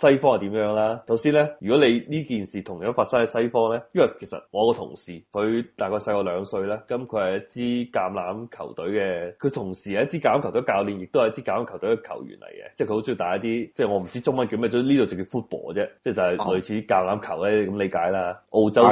西方係點樣啦？首先咧，如果你呢件事同樣發生喺西方咧，因為其實我個同事佢大概細我兩歲啦，咁佢係一支橄欖球隊嘅，佢同時係一支橄欖球隊教練，亦都係一支橄欖球隊嘅球員嚟嘅，即係佢好中意打一啲，即係我唔知中文叫咩，咁呢度就叫 football 啫，即係就係類似橄欖球咧咁理解啦。澳洲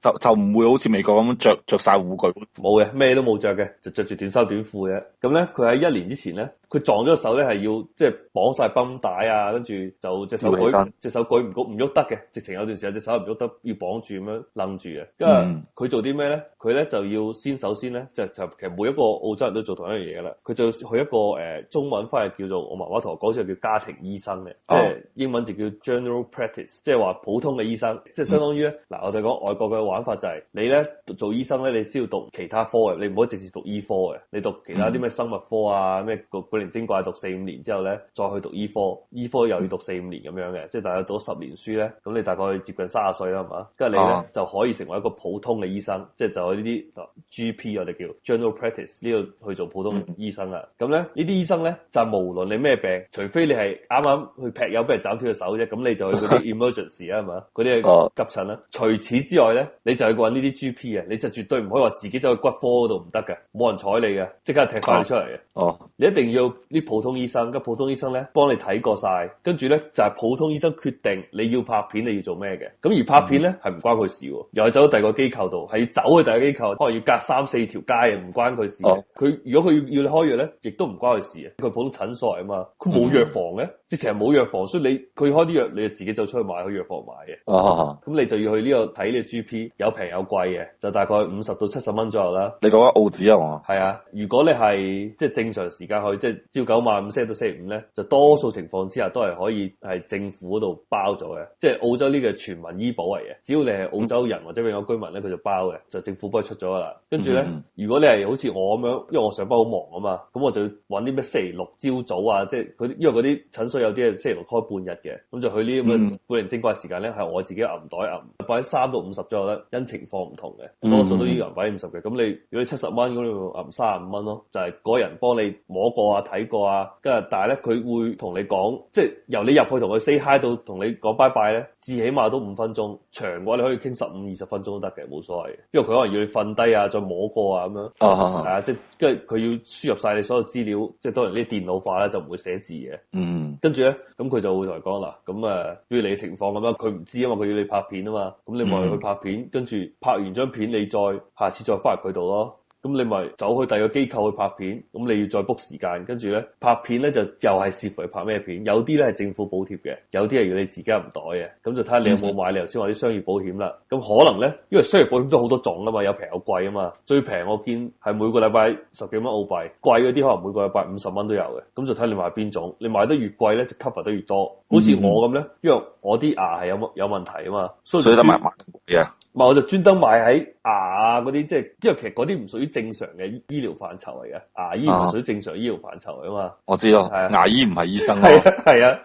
就就唔會好似美國咁樣着著曬護具，冇嘅，咩都冇着嘅，就着住短衫短褲嘅。咁咧，佢喺一年之前咧。佢撞咗手咧，係要即係綁晒繃帶啊，跟住就隻手舉，隻手舉唔喐，唔喐得嘅。直情有段時間隻手唔喐得，要綁住咁樣拎住嘅。因為佢做啲咩咧？佢咧就要先首先咧，就就其實每一個澳洲人都做同一樣嘢㗎啦。佢就去一個誒、呃、中文翻嚟叫做我媽媽同我講，就叫家庭醫生嘅，即係、oh. 英文就叫 General Practice，即係話普通嘅醫生，即係相當於咧嗱、嗯，我就講外國嘅玩法就係、是、你咧做醫生咧，你需要讀其他科嘅，你唔可以直接讀醫科嘅，你讀其他啲咩生物科啊咩個。古靈精怪讀四五年之後咧，再去讀醫科，醫科又要讀四五年咁樣嘅，即係大概讀咗十年書咧，咁你大概接近卅歲啦，係嘛？跟住你咧、啊、就可以成為一個普通嘅醫生，即係就係呢啲 GP，我哋叫 general practice 呢度去做普通醫生啦。咁咧、嗯、呢啲醫生咧就無論你咩病，除非你係啱啱去劈友，俾人斬斷個手啫，咁你就去嗰啲 emergency 啊，係嘛？嗰啲急診啦。除此之外咧，你就去揾呢啲 GP 啊，你就絕對唔可以話自己走去骨科度唔得嘅，冇人睬你嘅，即刻踢翻你出嚟嘅。哦，你一定要。啲普通醫生，咁普通醫生咧，幫你睇過晒，跟住咧就係、是、普通醫生決定你要拍片，你要做咩嘅，咁而拍片咧係唔關佢事的，又係走到第二個機構度，係要走去第二個機構，可能要隔三四條街啊，唔關佢事的。佢、哦、如果佢要要你開藥咧，亦都唔關佢事啊，佢普通診所啊嘛，佢冇藥房嘅，嗯、之前係冇藥房，所以你佢開啲藥，你就自己走出去買去藥房買嘅。咁、啊啊嗯、你就要去呢、這個睇呢個 GP，有平有貴嘅，就大概五十到七十蚊左右啦。你講緊澳紙啊嘛？係啊，如果你係即係正常時間去即係。就是朝九晚五星 e 到星期五咧，就多數情況之下都係可以係政府嗰度包咗嘅，即係澳洲呢個全民醫保嚟嘅。只要你係澳洲人或者永個居民咧，佢就包嘅，就政府幫佢出咗啦。跟住咧，如果你係好似我咁樣，因為我上班好忙啊嘛，咁我就揾啲咩星期六朝早啊，即係佢因為嗰啲診所有啲係四點六開半日嘅，咁就去呢啲咁嘅古靈精怪時間咧，係我自己揞袋揞，揞三到五十左右啦，因情況唔同嘅，多數都要揞五百五十嘅。咁你如果你七十蚊，咁你揞三十五蚊咯，就係個人幫你摸過啊。睇過啊，跟住但係咧，佢會同你講，即係由你入去同佢 say hi 到同你講 bye bye 咧，至起碼都五分鐘。長嘅話，你可以傾十五二十分鐘都得嘅，冇所謂。因為佢可能要你瞓低啊，再摸過啊咁樣，啊，即係跟住佢要輸入晒你所有資料，即係當然啲電腦化咧就唔會寫字嘅。嗯，跟住咧，咁佢就會同你講嗱，咁誒，要、啊、你情況咁樣，佢唔知啊嘛，佢要你拍片啊嘛，咁你望佢去拍片，嗯、跟住拍完張片，片，你再下次再翻入佢度咯。咁你咪走去第二個機構去拍片，咁你要再 book 時間，跟住咧拍片咧就又係視乎你拍咩片，有啲咧係政府補貼嘅，有啲係要你自己唔袋嘅，咁就睇下你有冇買，嗯、哼你頭先話啲商業保險啦，咁可能咧，因為商業保險都好多種啊嘛，有平有貴啊嘛，最平我見係每個禮拜十幾蚊澳幣，貴嗰啲可能每個禮拜五十蚊都有嘅，咁就睇你買邊種，你買得越貴咧就 cover 得越多，好似、嗯、哼我咁咧，因為我啲牙係有冇有問題啊嘛，所以得買埋嘅。嗯咪我就專登買喺牙嗰啲，即係因為其實嗰啲唔屬於正常嘅醫療範疇嚟嘅，牙醫唔屬於正常醫療範疇啊嘛。我知咯，啊、牙醫唔係醫生咯。係啊，咁、 啊啊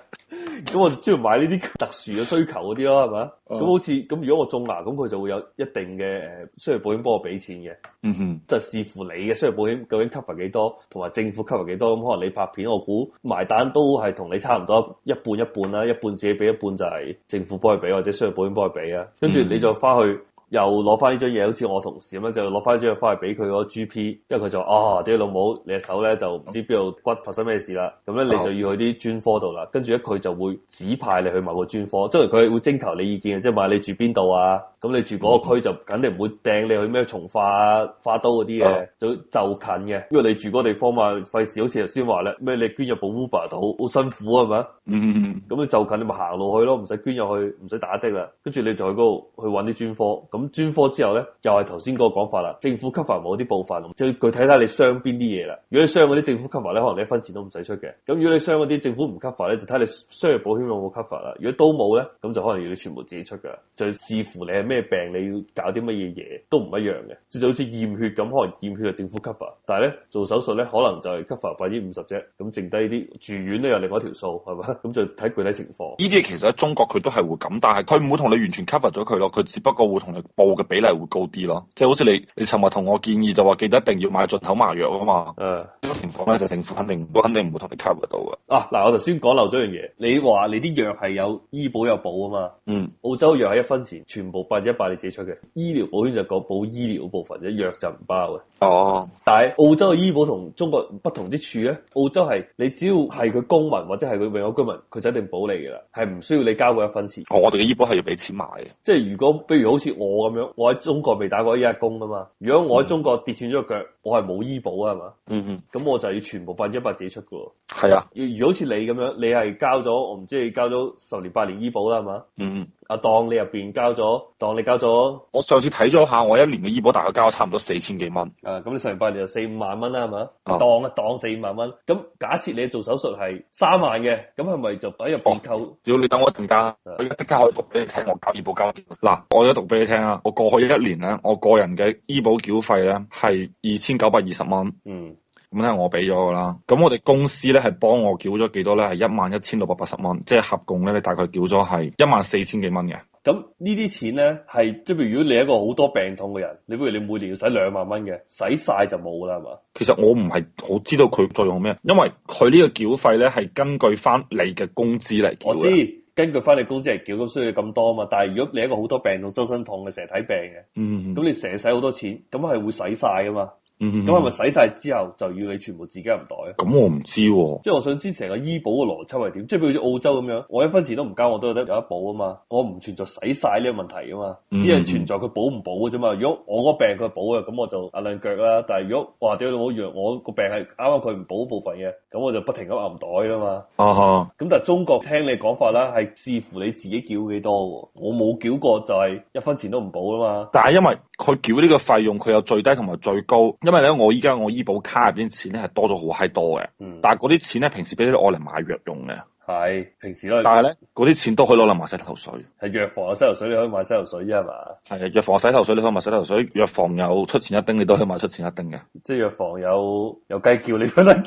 嗯、 我就專門買呢啲特殊嘅需求嗰啲咯，係咪？咁、嗯、好似咁，如果我種牙，咁佢就會有一定嘅商業保險幫我俾錢嘅。嗯哼，就視乎你嘅商業保險究竟 cover 幾多，同埋政府 cover 幾多。咁、嗯、可能你拍片，我估埋單都係同你差唔多一半一半啦，一半自己俾，一半就係政府幫佢俾或者商業保險幫佢俾啊。跟住你就翻去。嗯又攞翻呢張嘢，好似我同事咁樣，就攞翻呢張嘢翻去俾佢嗰個 GP，因為佢就話：啊，啲老母你隻手咧就唔知邊度骨發生咩事啦，咁咧你就要去啲專科度啦。跟住咧佢就會指派你去某個專科，即係佢會徵求你意見即係話你住邊度啊？咁你住嗰個區就肯定唔會掟你去咩從化啊、花都嗰啲嘢，就就近嘅。因為你住嗰個地方嘛，費事好似頭先話咧，咩你捐入部 Uber 度，好辛苦啊嘛。嗯嗯嗯。咁你就近你咪行路去咯，唔使捐入去，唔使打的啦。跟住你就去嗰度去揾啲專科咁。咁專科之後咧，又係頭先嗰個講法啦。政府 cover 冇啲部分，就要具體睇下你傷邊啲嘢啦。如果你傷嗰啲政府 cover 咧，可能你一分錢都唔使出嘅。咁如果你傷嗰啲政府唔 cover 咧，就睇你商業保險有冇 cover 啦。如果都冇咧，咁就可能要你全部自己出嘅。就視乎你係咩病，你要搞啲乜嘢嘢都唔一樣嘅。即就，就好似驗血咁，可能驗血係政府 cover，但係咧做手術咧，可能就係 cover 百分之五十啫。咁剩低啲住院都有另外一條數係嘛？咁就睇具體情況。呢啲其實喺中國佢都係會咁，但係佢唔會同你完全 cover 咗佢咯。佢只不過會同你。報嘅比例會高啲咯，即係好似你你尋日同我建議就話記得一定要買進口麻藥啊嘛，嗯，呢個情況咧就是、政府肯定，我肯定唔會同你 cover 到嘅。啊，嗱，我頭先講漏咗樣嘢，你話你啲藥係有醫保有保啊嘛，嗯，澳洲藥係一分錢全部百一百你自己出嘅，醫療保險就講保醫療部分啫，藥就唔包嘅。哦，uh, 但係澳洲嘅醫保同中國不同之處咧，澳洲係你只要係佢公民或者係佢永久居民，佢就一定保你嘅啦，係唔需要你交過一分錢。Uh, 我哋嘅醫保係要俾錢買嘅，即係如果譬如好似我。咁樣，我喺中國未打過一日工啊嘛？如果我喺中國跌斷咗個腳，我係冇醫保啊嘛？嗯嗯，咁我就要全部百分之一百自己出噶。係是啊，如果好似你咁樣，你係交咗我唔知你交咗十年八年醫保啦，係嘛？嗯嗯。啊！當你入邊交咗，當你交咗，我上次睇咗下，我一年嘅醫保大概交咗差唔多四千幾蚊。啊，咁你十年八年就四五萬蚊啦，係嘛、啊啊？當一當四五萬蚊。咁假設你做手術係三萬嘅，咁係咪就喺入邊扣、哦？只要你等我一陣間，的我而家即刻可以讀俾你聽，我交醫保交。嗱、啊，我而家讀俾你聽啊，我過去一年咧，我個人嘅醫保繳費咧係二千九百二十蚊。嗯。咁咧，我俾咗噶啦。咁我哋公司咧係幫我繳咗幾多咧？係一萬一千六百八十蚊，即係合共咧，你大概繳咗係一萬四千幾蚊嘅。咁呢啲錢咧係即係，如果你一個好多病痛嘅人，你不如你每年要使兩萬蚊嘅，使晒就冇啦，係嘛？其實我唔係好知道佢作用咩，因為佢呢個繳費咧係根據翻你嘅工資嚟繳。我知根據翻你工資嚟繳，咁需要咁多啊嘛。但係如果你一個好多病痛、周身痛嘅成日睇病嘅，嗯，嗯，咁你成日使好多錢，咁係會使晒噶嘛？咁係咪洗晒之後就要你全部自己入袋咧？咁我唔知喎、啊，即係我想知成個醫保嘅邏輯係點？即係比如澳洲咁樣，我一分錢都唔交，我都有得有一保啊嘛。我唔存在洗晒呢個問題啊嘛，只係存在佢保唔保嘅啫嘛。如果我個病佢保嘅，咁我就壓兩腳啦。但係如果話屌我藥，我個病係啱啱佢唔保部分嘅，咁我就不停咁揞袋啊嘛。哦、uh，咁、huh. 但係中國聽你講法啦，係視乎你自己繳幾多喎？我冇繳過，就係一分錢都唔保啊嘛。但係因為佢繳呢個費用，佢有最低同埋最高。因為咧，我依家我醫保卡入邊錢咧係多咗好閪多嘅，嗯、但係嗰啲錢咧平時俾啲我嚟買藥用嘅，係平時咧。但係咧，嗰啲錢都可以攞嚟買洗頭水，係藥房嘅洗頭水你可以買洗頭水，係嘛？係藥房洗頭水你可以買洗頭水，藥房有出前一丁你都可以買出前一丁嘅、嗯，即係藥房有有雞叫你可能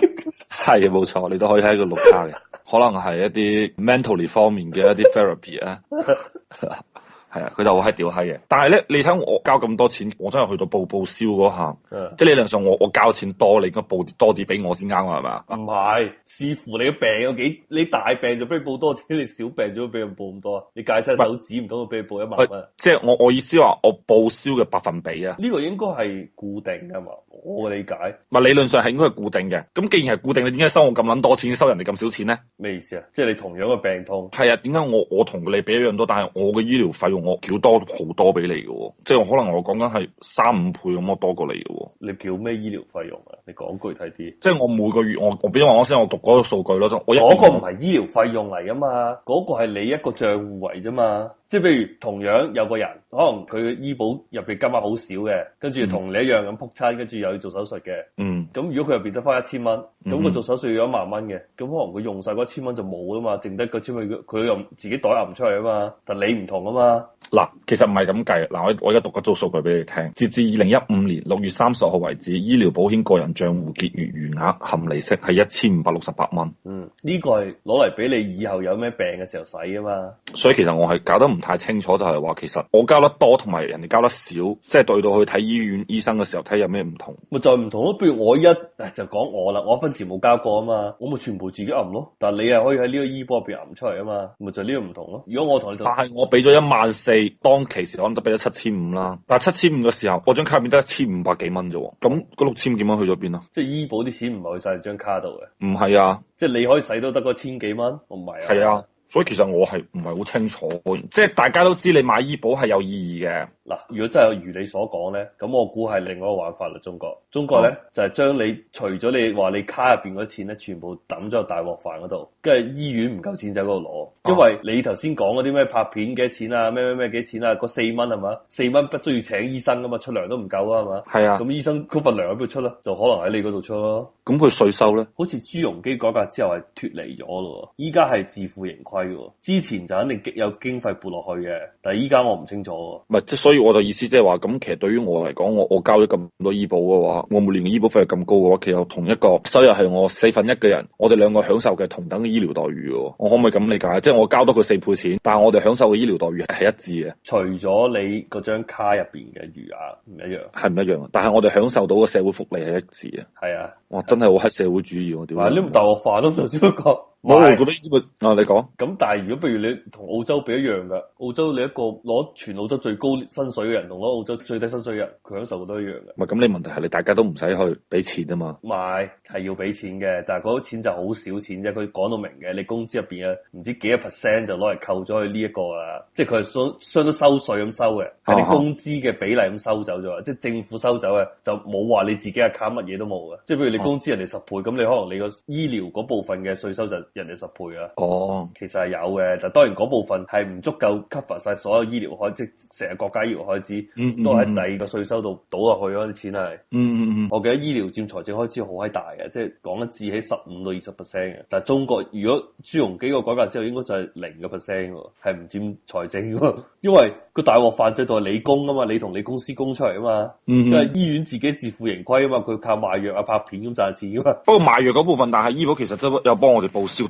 係冇錯，你都可以喺度綠卡嘅，可能係一啲 mentally 方面嘅一啲 therapy 啊。 係啊，佢 就好閪屌閪嘅。但係咧，你睇我交咁多錢，我真係去到報報銷嗰下， 即係理論上我我交錢多，你應該報多啲俾我先啱啊，係咪？唔係，視乎你嘅病有幾，你大病就俾你報多啲，你小病點解俾人報咁多啊？你解曬手指唔通我俾你報一萬。即係我我意思話，我報銷嘅百分比啊，呢個應該係固定㗎嘛？我理解。唔係，理論上係應該係固定嘅。咁既然係固定，你點解收我咁撚多錢，收人哋咁少錢咧？咩意思啊？即係你同樣嘅病痛。係 啊，點解我我同你俾一樣多，但係我嘅醫療費用？我繳多好多俾你嘅，即係可能我講緊係三五倍咁，我多過你嘅。你繳咩醫療費用啊？你講具體啲。即係我每個月我我邊先話我先，我讀嗰個數據咯。嗰個唔係醫療費用嚟啊嘛，嗰、嗰個係你一個賬戶嚟啫嘛。即係譬如同樣有個人，可能佢醫保入邊金額好少嘅，跟住同你一樣咁撲親，跟住又要做手術嘅。嗯。咁如果佢入邊得翻一千蚊，咁佢做手術要一萬蚊嘅，咁可能佢用晒嗰一千蚊就冇啊嘛，剩低嗰千蚊佢佢又自己袋唔出去啊嘛。但你唔同啊嘛。嗱，其實唔係咁計，嗱，我我而家讀個組數據俾你聽，截至二零一五年六月三十號為止，醫療保險個人賬戶結餘餘額含利息係一千五百六十八蚊。嗯，呢個係攞嚟俾你以後有咩病嘅時候使啊嘛。所以其實我係搞得唔太清楚，就係話其實我交得多同埋人哋交得少，即係對到去睇醫院醫生嘅時候睇有咩唔同。咪就係唔同咯，譬如我一就講我啦，我分時冇交過啊嘛，我咪全部自己揞咯。但係你係可以喺呢個醫保入邊撳出嚟啊嘛，咪就呢個唔同咯。如果我同你，但係我俾咗一萬。四當其時我能得俾咗七千五啦，但係七千五嘅時候，我張卡入面得一千五百幾蚊啫喎，咁嗰六千幾蚊去咗邊啊？即係醫保啲錢唔係去曬張卡度嘅，唔係啊，即係你可以使都得嗰千幾蚊，我唔係啊，係啊。所以其實我係唔係好清楚，即係大家都知你買醫保係有意義嘅。嗱，如果真係如你所講咧，咁我估係另外一個玩法啦，中國。中國咧、嗯、就係將你除咗你話你卡入邊嗰啲錢咧，全部抌咗喺大鑊飯嗰度，跟住醫院唔夠錢就喺度攞。因為你頭先講嗰啲咩拍片幾多錢啊，咩咩咩幾多錢啊，嗰四蚊係嘛？四蚊不需要請醫生噶嘛？出糧都唔夠啊係嘛？係啊，咁醫生份糧喺邊出咯？就可能喺你嗰度出咯。咁佢稅收咧？好似朱鎔基改革之後係脱離咗咯，依家係自負盈虧喎。之前就肯定極有經費撥落去嘅，但係依家我唔清楚喎。唔係，即所以我就意思即係話，咁其實對於我嚟講，我我交咗咁多醫保嘅話，我每年嘅醫保費係咁高嘅話，其實同一個收入係我四分一嘅人，我哋兩個享受嘅同等嘅醫療待遇喎。我可唔可以咁理解？即係我交多佢四倍錢，但係我哋享受嘅醫療待遇係一致嘅。除咗你嗰張卡入邊嘅餘額唔一樣，係唔一樣，但係我哋享受到嘅社會福利係一致嘅。係啊，哇！真係我係社會主義，我點啊？啲咁大個化都就只不過。 冇，係，我覺得呢個啊，你講咁，但係如果譬如你同澳洲比一樣嘅，澳洲你一個攞全澳洲最高薪水嘅人，同攞澳洲最低薪水嘅人，佢享受都一樣嘅。唔係，咁你問題係你大家都唔使去俾錢啊嘛。買係要俾錢嘅，但係嗰啲錢就好少錢啫。佢講到明嘅，你工資入邊啊，唔知幾多 percent 就攞嚟扣咗去呢一個啊，即係佢係相當收稅咁收嘅，喺啲、啊、哈工資嘅比例咁收走咗，即係政府收走啊，就冇話你自己係卡乜嘢都冇嘅。即係譬如你工資人哋十倍咁，啊、你可能你個醫療嗰部分嘅稅收就人哋十倍啊！哦，其實係有嘅，但當然嗰部分係唔足夠 cover 晒所有醫療開支，成日國家醫療開支都喺第二個稅收度倒落去咯、啊、啲錢係、嗯。嗯嗯嗯，我記得醫療佔財政開支好閪大嘅，即係講得字喺十五到二十 percent 嘅。但係中國如果朱鎔基個改革之後應該，應該就係零嘅 percent 喎，係唔佔財政喎，因為個大鑊範圍就係你供啊嘛，你同你公司供出嚟啊嘛。嗯嗯嗯、因為醫院自己自負盈虧啊嘛，佢靠賣藥啊拍片咁賺錢啊嘛、嗯。不過賣藥嗰部分，但係醫保其實都有幫我哋報銷。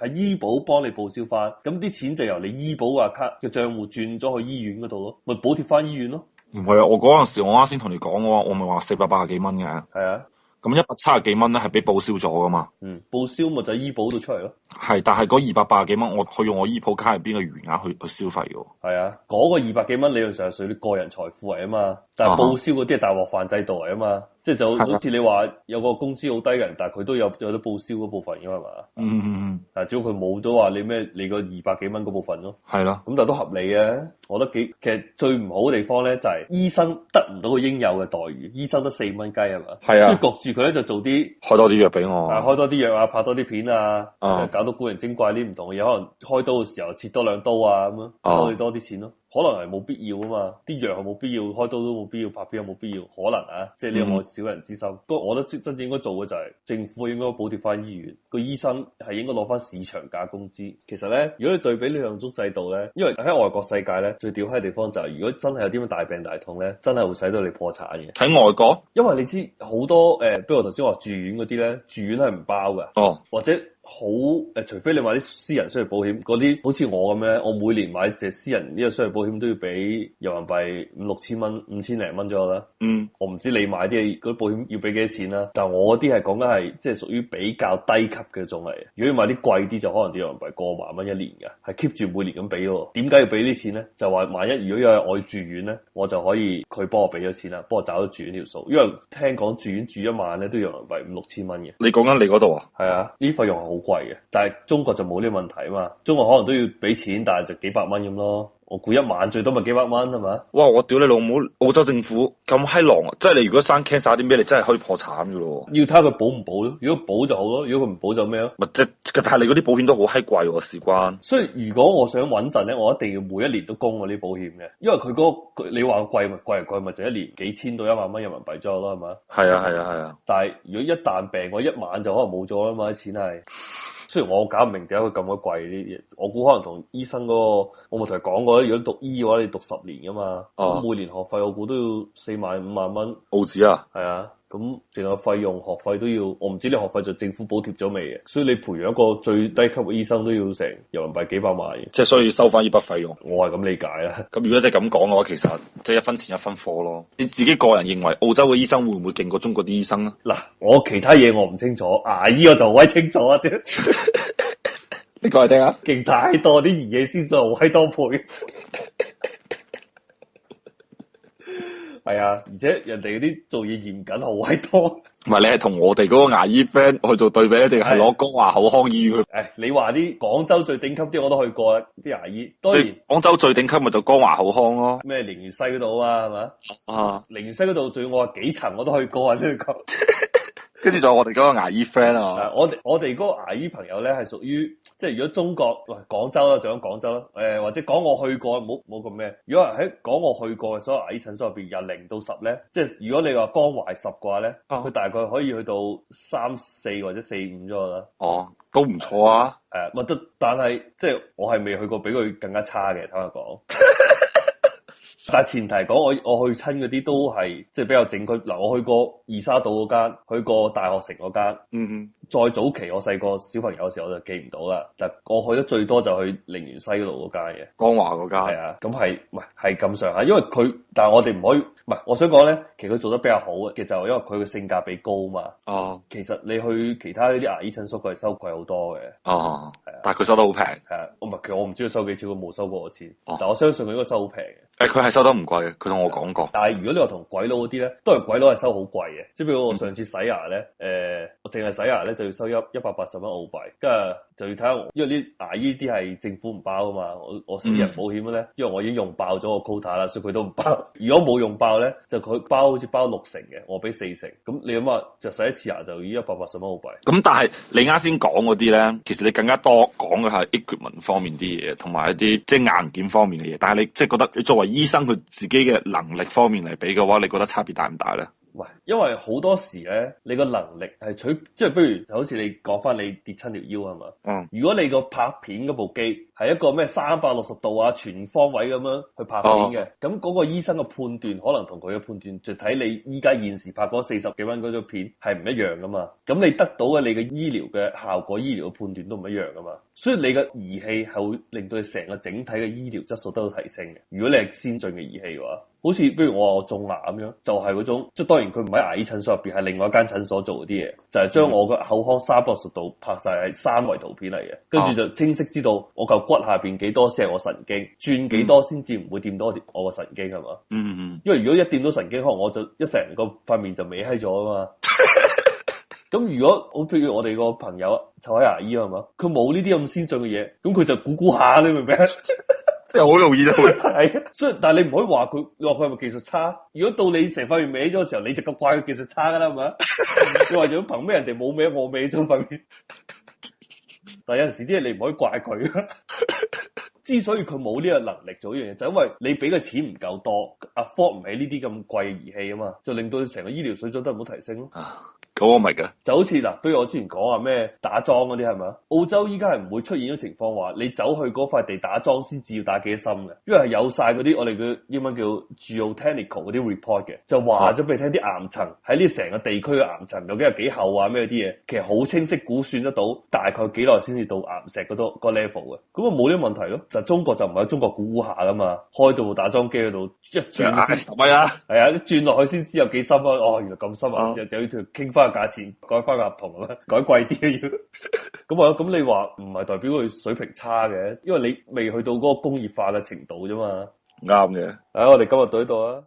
喺醫保幫你報銷翻，咁啲錢就由你醫保啊卡嘅賬戶轉咗去醫院嗰度咯，咪補貼翻醫院咯。唔係啊，我嗰陣時我啱先同你講嘅話，我咪話四百八十幾蚊嘅，係啊，咁一百七十幾蚊咧係俾報銷咗噶嘛，嗯，報銷咪就喺醫保度出嚟咯。 係，但係嗰二百八十幾蚊，我佢用我醫保卡入邊嘅餘額去去消費噶。係啊，嗰、嗰個二百幾蚊理論上係屬於個人財富嚟啊嘛，但係報銷嗰啲係大鑊飯制度嚟啊嘛，即係就好似的你話有個工資好低嘅人，但係佢都有有得報銷嗰部分噶係嘛？嗯嗯嗯，但只要佢冇咗話你咩，你個二百幾蚊嗰部分咯。係咯的，咁但都合理嘅，我覺得幾其實最唔好嘅地方咧就係、係、醫生得唔到個應有嘅待遇，醫生得四蚊雞係嘛？係啊，所以焗住佢咧就做啲開多啲藥俾我，開多啲藥啊，拍多啲片啊，啊、嗯。都古人精怪啲唔同嘅嘢，可能開刀嘅時候切多兩刀啊，咁樣，攞、oh. 你多啲錢咯、啊。可能係冇必要啊嘛，啲藥係冇必要，開刀都冇必要，拍片有冇必要，可能啊，即係有樣小人之心。不過、mm. 我覺得真正應該做嘅就係、是、政府應該補貼翻醫院個醫生係應該攞翻市場價工資。其實咧，如果你對比呢兩種制度咧，因為喺外國世界咧最屌閪嘅地方就係、是、如果真係有啲咁大病大痛咧，真係會使到你破產嘅。喺外國，因為你知好多誒、呃，比如我頭先話住院嗰啲咧，住院係唔包嘅哦，oh. 或者。好誒，除非你買啲私人商業保險，嗰啲好似我咁樣，我每年買隻私人呢個商業保險都要俾人民幣五六千蚊，五千零蚊左右啦。嗯，mm. 我唔知你買啲保險要俾幾錢啦，啊。但係我啲係講緊係即係屬於比較低級嘅種類。如果要買啲貴啲就可能啲人民幣過萬蚊一年嘅，係 keep 住每年咁俾。點解要俾啲錢咧？就話萬一如果有我住院咧，我就可以佢幫我俾咗錢啦，幫我找到住院條數。因為聽講住院住一晚咧都要人民幣五六千蚊嘅。你講緊你嗰度啊？係啊，呢費用好貴嘅，但係中國就冇呢個問題啊嘛，中國可能都要俾錢，但係就幾百蚊咁咯。我估一晚最多咪幾百蚊係嘛？哇！我屌你老母，澳洲政府咁閪狼啊！即係你如果生 cancer 啲咩，你真係可以破產噶咯。要睇下佢保唔保咯？如果保就好咯，如果佢唔保就咩咯？咪即係但係你嗰啲保險都好閪貴喎，事關。所以如果我想穩陣咧，我一定要每一年都供我啲保險嘅，因為佢嗰、個你話貴咪貴，貴咪就一年幾千到一萬蚊人民幣左右咯，係嘛？係啊係啊係啊！啊啊但係如果一旦病嘅一晚就可能冇咗啦嘛，啲錢係。雖然我搞唔明點解佢咁鬼貴啲嘢，我估可能同醫生嗰、那個，我咪成日講過，如果讀醫嘅話，你讀十年㗎嘛，啊、每年學費我估都要四萬五萬蚊澳紙啊，係啊。咁，淨有費用學費都要，我唔知你學費就政府補貼咗未？所以你培養一個最低級嘅醫生都要成人民幣幾百萬，即係所以收翻呢筆費用。我係咁理解啦。咁如果真係咁講嘅話，其實即係一分錢一分貨咯。你自己個人認為澳洲嘅醫生會唔會勁過中國啲醫生咧？嗱，我其他嘢我唔清楚，牙、啊、醫我就好閪清楚一啲。 你講嚟聽下，勁太多啲兒嘢師傅，閪多，多倍。 係啊，而且人哋嗰啲做嘢嚴謹好鬼多。唔係你係同我哋嗰個牙醫 friend 去做對比，一定係攞光華口腔醫院？誒、啊哎，你話啲廣州最頂級啲我都去過，啲牙醫當然廣州最頂級咪就光華口腔咯、啊。咩蓮園西嗰度啊嘛，係嘛？啊！蓮園西嗰度仲要我話幾層我都去過啊，真係講。 跟住就我哋嗰個牙醫 friend 啊，我哋我哋嗰個牙醫朋友咧係屬於，即係如果中國，喂、哎、廣州啦，就喺廣州啦，誒、呃、或者講我去過，冇好咁咩？如果喺講我去過所有牙醫診所入邊，由零到十咧，即係如果你江話江淮十嘅話咧，佢、哦、大概可以去到三四或者四五咗啦。哦，都唔錯啊。誒，唔得，但係即係我係未去過比佢更加差嘅，坦白講。 但前提講，我我去親嗰啲都係即係比較正規嗱，我去過二沙島嗰間，去過大學城嗰間，嗯嗯。再早期我細個小朋友嘅時候，我就記唔到啦，但過去咗最多就去陵園西路嗰間嘅，光華嗰間係啊，咁係唔係係咁上下，因為佢，但係我哋唔可以，唔係我想講咧，其實佢做得比較好嘅，其實就、因為佢嘅性價比高啊嘛。哦、啊，其實你去其他呢啲牙醫診所，佢係收貴好多嘅。哦，係啊，啊但係佢收得好平。係啊，我唔係，其實我唔知佢收幾錢，佢冇收過我錢，啊、但我相信佢應該收好平嘅。誒、欸，佢係收得唔貴嘅，佢同我講過。啊、但係如果你話同鬼佬嗰啲咧，都係鬼佬係收好貴嘅，即係譬如我上次洗牙咧，誒、呃嗯呃，我淨係洗牙咧。呃就要收一百八十蚊澳幣，跟住，就要睇下，因為呢啲牙醫啲係政府唔包噶嘛。我我私人保險咧，因為我已經用爆咗個 quota 啦，所以佢都唔包。如果冇用爆咧，就佢包好似包六成嘅，我俾四成。咁你諗下，就洗一次牙就要一百八十蚊澳幣。咁、嗯、但係你啱先講嗰啲咧，其實你更加多講嘅係 equipment 方面啲嘢，同埋一啲即係硬件方面嘅嘢。但係你即係、就是、覺得你作為醫生佢自己嘅能力方面嚟比嘅話，你覺得差別大唔大咧？喂，因為好多時咧，你個能力係取，即係不如就好似你講翻你跌親條腰係嘛？嗯。如果你個拍片嗰部機係一個咩三百六十度啊全方位咁樣去拍片嘅，咁嗰、哦、個醫生嘅判斷可能同佢嘅判斷就睇你依家現時拍嗰四十幾蚊嗰張片係唔一樣噶嘛？咁你得到嘅你嘅醫療嘅效果、醫療嘅判斷都唔一樣噶嘛？所以你嘅儀器係會令到你成個，個整體嘅醫療質素得到提升嘅。如果你係先進嘅儀器嘅話。好似不如我話我種牙咁樣，就係嗰種即係當然佢唔喺牙醫診所入邊，係另外一間診所做嗰啲嘢，就係將我嘅口腔三百六十度拍晒喺三維圖片嚟嘅，跟住就清晰知道我嚿骨下邊幾多先係我神經，轉幾多先至唔會掂到我個神經係嘛？嗯，嗯嗯，因為如果一掂到神經，可能我就一成個塊面就歪閪咗啊嘛。咁 如果我譬如我哋個朋友坐喺牙醫係嘛，佢冇呢啲咁先進嘅嘢，咁佢就估估下你明唔明？ 即係好容易啫嘛，係，所以但係你唔可以話佢，你話佢係咪技術差？如果到你成塊面歪咗嘅時候，你就咁怪佢技術差噶啦，係咪？你話咗憑咩人哋冇歪我歪咗塊面？ 但有陣時啲嘢，你唔可以怪佢， 之所以佢冇呢個能力做呢樣嘢，就係因為你俾嘅錢唔夠多，afford 唔起呢啲咁貴嘅儀器啊嘛，就令到你成個醫療水準都冇提升咯。 咁我咪㗎就好似嗱，譬如我之前講話咩打樁嗰啲係咪啊？澳洲依家係唔會出現咗情況話你走去嗰塊地打樁，先至要打幾深嘅？因為係有晒嗰啲我哋嘅英文叫 geotechnical 嗰啲 report 嘅，就話咗俾你聽啲岩層，喺呢成個地區嘅岩層究竟係幾厚啊？咩啲嘢，其實好清晰估算得到大概幾耐先至到岩石嗰度個 level 嘅，咁啊冇呢個問題咯。就中國就唔係，喺中國估估下噶嘛，開到部打樁機喺度一轉先十米啊！係啊，一轉落去先知有幾深啊！哦，原來咁深啊！就又要同佢傾翻價錢改翻個合同啦，改貴啲要，咁啊咁你話唔係代表佢水平差嘅，因為你未去到嗰個工業化嘅程度啫嘛，啱嘅的。唉、啊，我哋今日到呢度啊！